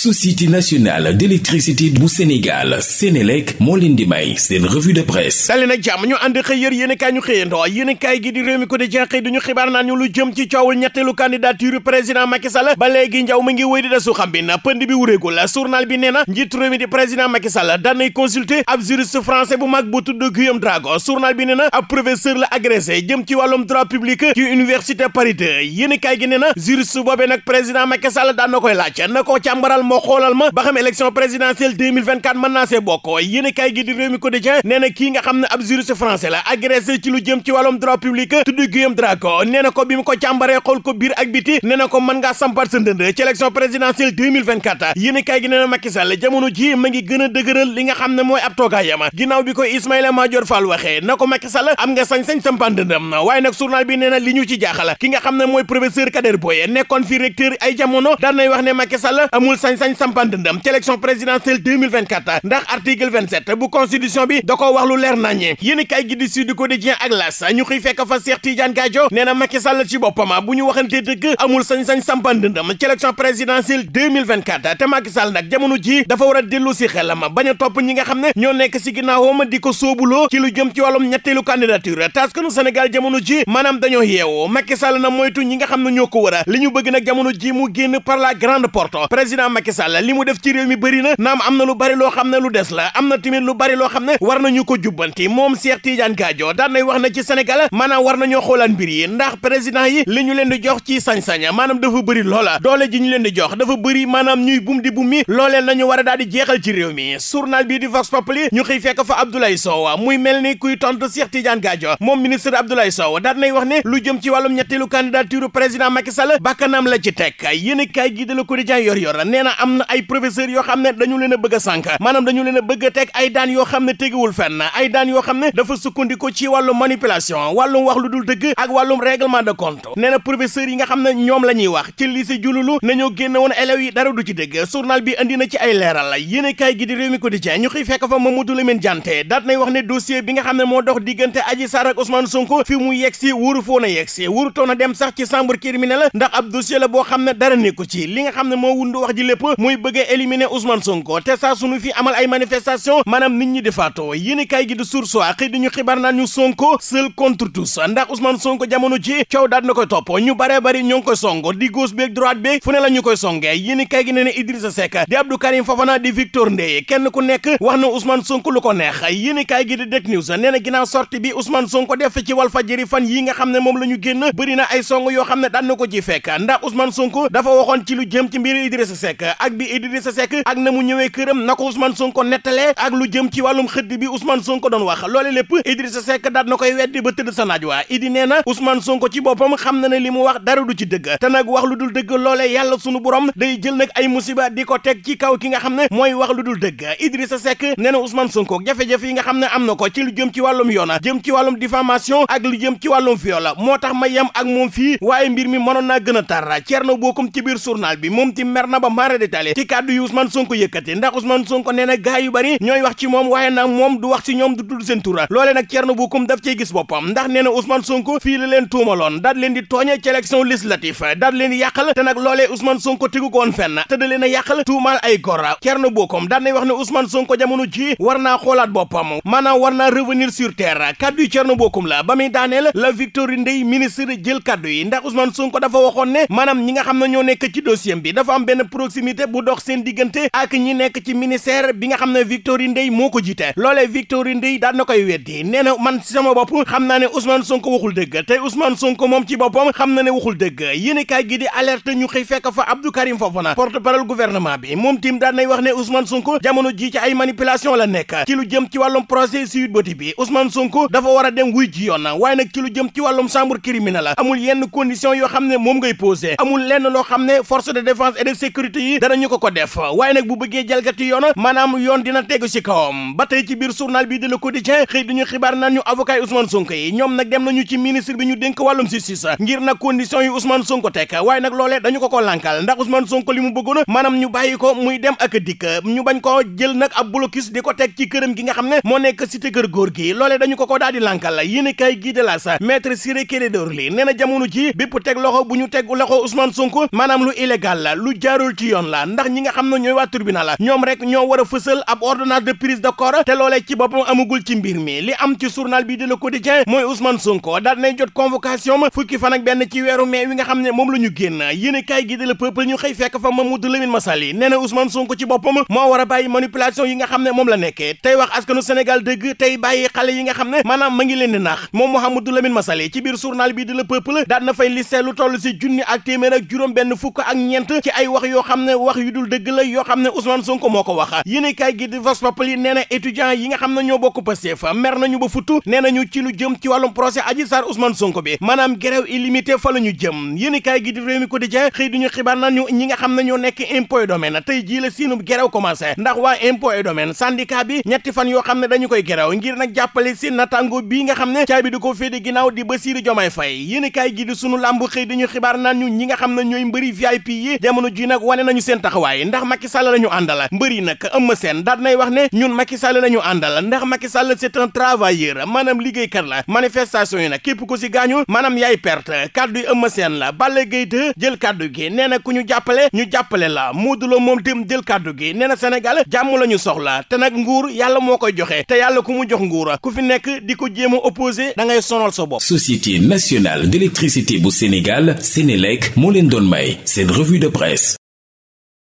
société nationale d'électricité bu Sénégal Sénélec moo leen di may seen revue de presse dali nag jàmm ñu ànd xëy yër yéen i kaay ñu xëyandoo yéen i kaay gi di réew ko di jenxëy duñu xibaar naan ñu lu jëm ci coowul ñetteelu candidature président Macky Sall ba léegi njaw mi ngi wéy di desu xam bi na pënd bi wuréegul journal bi nee na njiit réew di président Macky Sall daanay consulter ab juriste français bu mag bu tudd Guillaume Drago journal bi nee na ab professeur la agressé jëm ci wàllum gi nee na juriste boobee nag président Macky Sall daan na koy laaj ma xoolal ma ba xam élection présidentielle 2024 mën naa see bokk yéen kay gi di réew mi quotidien nee na kii nga xam ne ab juriste français la agressé ci lu jëm ci wàllum droit public tudd Guillaume Drago nee na ko bi mu ko càmbaree xool ko biir ak biti nee na ko mën ngaa sampat sa ndënd ci élection présidentielle 2024 yéen kay gi nee na Macky Sall jamono ma ngi gën a li nga xam ne mooy ab toogaayam ginnaaw bi ko Ismaïla waxee na ko Macky Sall nga sañ-sañ sampat ndëndam waaye nag nee na li ñu ci ki nga xam ne mooy professeur Kader Boye nekkoon fi recteur ay jamono daan nay wax ne Macky Sall amul sañ sañ sampa ndëndam ci élection présidentielle 2024 ndax article 27 bu constitution bi da ko wax lu leer naññe yéen kay gi di Sud Quotidien ak L'As ñu xëy fekk fa Cheikh Tidiane Gadio nee na Macky ci boppam bu ñu waxantee dëgg amul sañ-sañ sampa ndëndam ci élection te Macky nag jamono ji dafa war a dellu si xelam bañ a topp ñi xam ne ñoo nekk si ginnaawam di ko sóobuloo ci lu jëm ci wàllum ñetteelu candidature taskanu Macky Sall li mu def ci réew mi bëri na naam am na lu bari loo xam ne lu des la am na tamit lu bari loo xam ne war nañu ko jubbanti moom Cheikh Tidiane Gadio daan nay wax na ci Sénégal maanaam war nañoo xoolaan mbir yi ndax président yi li ñu leen di jox ci sañ-sañ maanaam dafa bëri loola doole ji ñu leen di jox dafa bëri maanaam ñuy bum di bum mi loolee nañu war a daal di jeexal ci réew mi journal bii di Vox Populi ñu xëy fekk fa Abdoulaye Sow muy mel ni kuy tontu Cheikh Tidiane Gadio moom ministre Abdoulaye Sow daan nay wax ne lu jëm ci wàllum ñetteelu candidature président Macky Sall bakkanam la ci teg yéen kay gi de Le Quotidien yor yor nee na am na ay professeurs yoo xam ne dañu leen a bëgg a sànk maanaam dañu leen a bëgg teg ay daan yoo xam ne tegiwul fenn ay daan yoo xam ne dafa sukkandiku ci wàllu manipulation wàllum wax lu dul dëgg ak wàllum règlement de compte nee na professeurs yi nga xam ne ñoom la ñuy wax ci lycée Jululu nañoo génn woon élèves yi dara du ci dëgg journal bi andi na ci ay leeral yéene kaay gi di réew mi quotidien ñu xëy fekk fa Mamadou Lamine Diante daat nay wax ne dossier nga xam ne moo dox diggante Adji Sarr ak Ousmane Sonko fi mu yegg si wóoru foon a yegg si dem sax ci chambre criminelle ndax ab dossier la boo xam ne dara nekku ci li nga xam ne moo wundu wax ji lépp muy bëgg a éliminer Ousmane Sonko te saa sunu amal ay manifestation maanaam nit ñi defaatoo yéen kaay gi di Source A xëy ñu xibaar naan ñu Sonko seul contre tous ndax Ousmane Sonko jamono ci coow daat na koy ñu baree bari ñoo ngi koy di gauche beeg droite beeg fu ne la ñu koy songee yéen kaay gi ne ne Idrissa Seck di Abdou Karim Fofana di Victor Ndeye kenn ku nekk wax na Ousmane Sonko lu ko neex yéen kaay gi di Direct News nee na ginnaaw sortie bi Ousmane Sonko def ci Walf la ñu génn yoo xam ne daan na ko ak bi sa Seck ak na mu ñëwee këram na ko Ousmane Sonko nettalee ak lu jëm ci wàllum xëdd bi Ousmane ko doon wax loole lépp sa sekk daat na koy wedd ba tëdd sa naaj waa Idi nee na Ousmane Sonko ci boppam xam na ne li mu wax dara du ci dëgg te nag wax lu dul dëgg loole yàlla sunu borom day jël nag ay musiba di ko teg ci kaw ki nga xam ne mooy wax lu dul dëgg sa Seck nee na Ousmane Sonko jafe-jafe yi nga xam ne am na ko ci lu jëm ci wàllum yoona jëm ci wàllum diffamation ak lu jëm ci wàllum viol moo tax ma yem ak moom fii waaye mi mënoon naa gën a tar Thierno Bocoum ci biir journal bi moom ci mer na ba mara Italie ci kàddu yu Ousmane Sonko yëkkati ndax Ousmane Sonko nee na gaay yu bari ñooy wax ci moom waaye nag moom du wax ci ñoom du tudd seen loole nag Thierno Bocoum daf cey boppam ndax nee na Ousmane Sonko fii la leen tuumaloon daal leen di tooñe ci élection législative daal leen di yàqal te nag loolee Ousmane Sonko tegu ko woon fenn te da leen a yàqal tuumaal ay góor Thierno Bocoum daal nay wax ne Ousmane Sonko jamono ji war naa xoolaat boppam maanaam war naa revenir proximité bu dox seen diggante ak ñi nekk ci ministère bi nga xam ne Victorine Ndeye moo ko jiite loolee Victorine Ndeye daan na koy weddi nee na man ci sama bopp xam naa ne Ousmane Sonko waxul dëgg te Ousmane Sonko moom ci boppam xam na ne waxul dëgg yéenekaay gi di alerte ñu xëy fekk fa Abdou Karim Fofana porte-parole gouvernement bi moom tim daan wax ne Ousmane Sonko jamono ji ci ay manipulation la nekk ci lu jëm ci wàllum procès Sweet Beauté bi Ousmane Sonko dafa war a dem wuy ji yoon danañu ko ko def waaye nag bu bëggee jalgati yoon maanaam yoon dina tegu ci kawam ba tey ci biir journal bi dina ko Quotidien xëy duñu xibaar naan ñu avocat yi Ousmane Sonko yi ñoom nag dem nañu ci ministre bi ñu dénk wàllum justice ngir nag condition yi Ousmane Sonko teg waaye nag loolee dañu ko ko lànkal ndax Ousmane Sonko li mu bëggoon maanaam ñu bàyyi ko muy dem ak dikk ñu bañ ko jël nag ab blocus di ko teg ci këram gi nga xam ne moo nekk si cité kër góor gi loolee dañu ko ko daal di lànkal yéene kaay gii de la sa maître Ciré Clédor Ly nee na jamono ji bépp teg loxo bu ñu teg loxo Ousmane Sonko maanaam lu illégal la lu jaarul ci yoon la ndax ñi nga xam ne ñooy waa tribunal la ñoom rek ñoo war a fësal ab ordonnance de prise de te loolee ci boppam amagul ci mbir mi li am ci journal bi de Le Quotidien mooy Ousmane Sonko daal nay jot convocation ma fukki fan ak benn ci weeru mai wi nga xam ne moom la ñu génna yéene kaay gi de Le Peuple ñu xëy fekk fa Mamadou Lamine Massaly nee na Ousmane Sonko ci boppam moo war a bàyyi manipulation yi nga xam ne moom la nekkee tey wax askanu Sénégal dëgg tey bàyyi xale yi nga xam ne maanaam ma ngi leen di naax moom Mouhamadou Lamine Massaly ci biir journal bi de Le Peuple daal na fay liste lu toll si junni ak téeméer ak juróom benn fukk ak ñeent ci ay wax yoo xam ne wax yu dul dëgg la yoo xam ne Ousmane Sonko moo ko wax yéenekaay gi di Vox Populi nee na étudiant yi nga xam ne ñoo bokk Pastef mer nañu ba futu nee nañu ci lu jëm ci wàllum procès Adji Sarr Ousmane Sonko bi maanaam bi ñetti fan yoo xam ne dañu koy grève ngir nag jàppale ko di Bassirou Diomaye di sunu xibaar naan ñi nga xam ne ñooy mbëri VIP yi jamono ji nag wane nañu seen taxawaay ndax Macky Sall la ñu àndal mbër yi nag Eumeu Sène daal nay wax ne ñun Macky Sall la ñu àndal ndax Macky Sall c'est un travailleur maanaam liggéeykat la manifestation yi nag képp ku si gaañu maanaam yaay perte kaddu yi Eumeu Sène la Balla Gaye de jël kaddu gi nee na ku ñu jàppale ñu jàppale la Modou Lo moom dem jël kaddu gi ne na senegal Sénégal jàmm la ñu soxla te nag nguur yàlla moo koy joxe te yàlla ku mu jox nguur ku fi nekk di ko jéem a opposé da ngay sonal sa bopp. Société nationale d'électricité bu Sénégal Sénélec moo leen doon may seen revue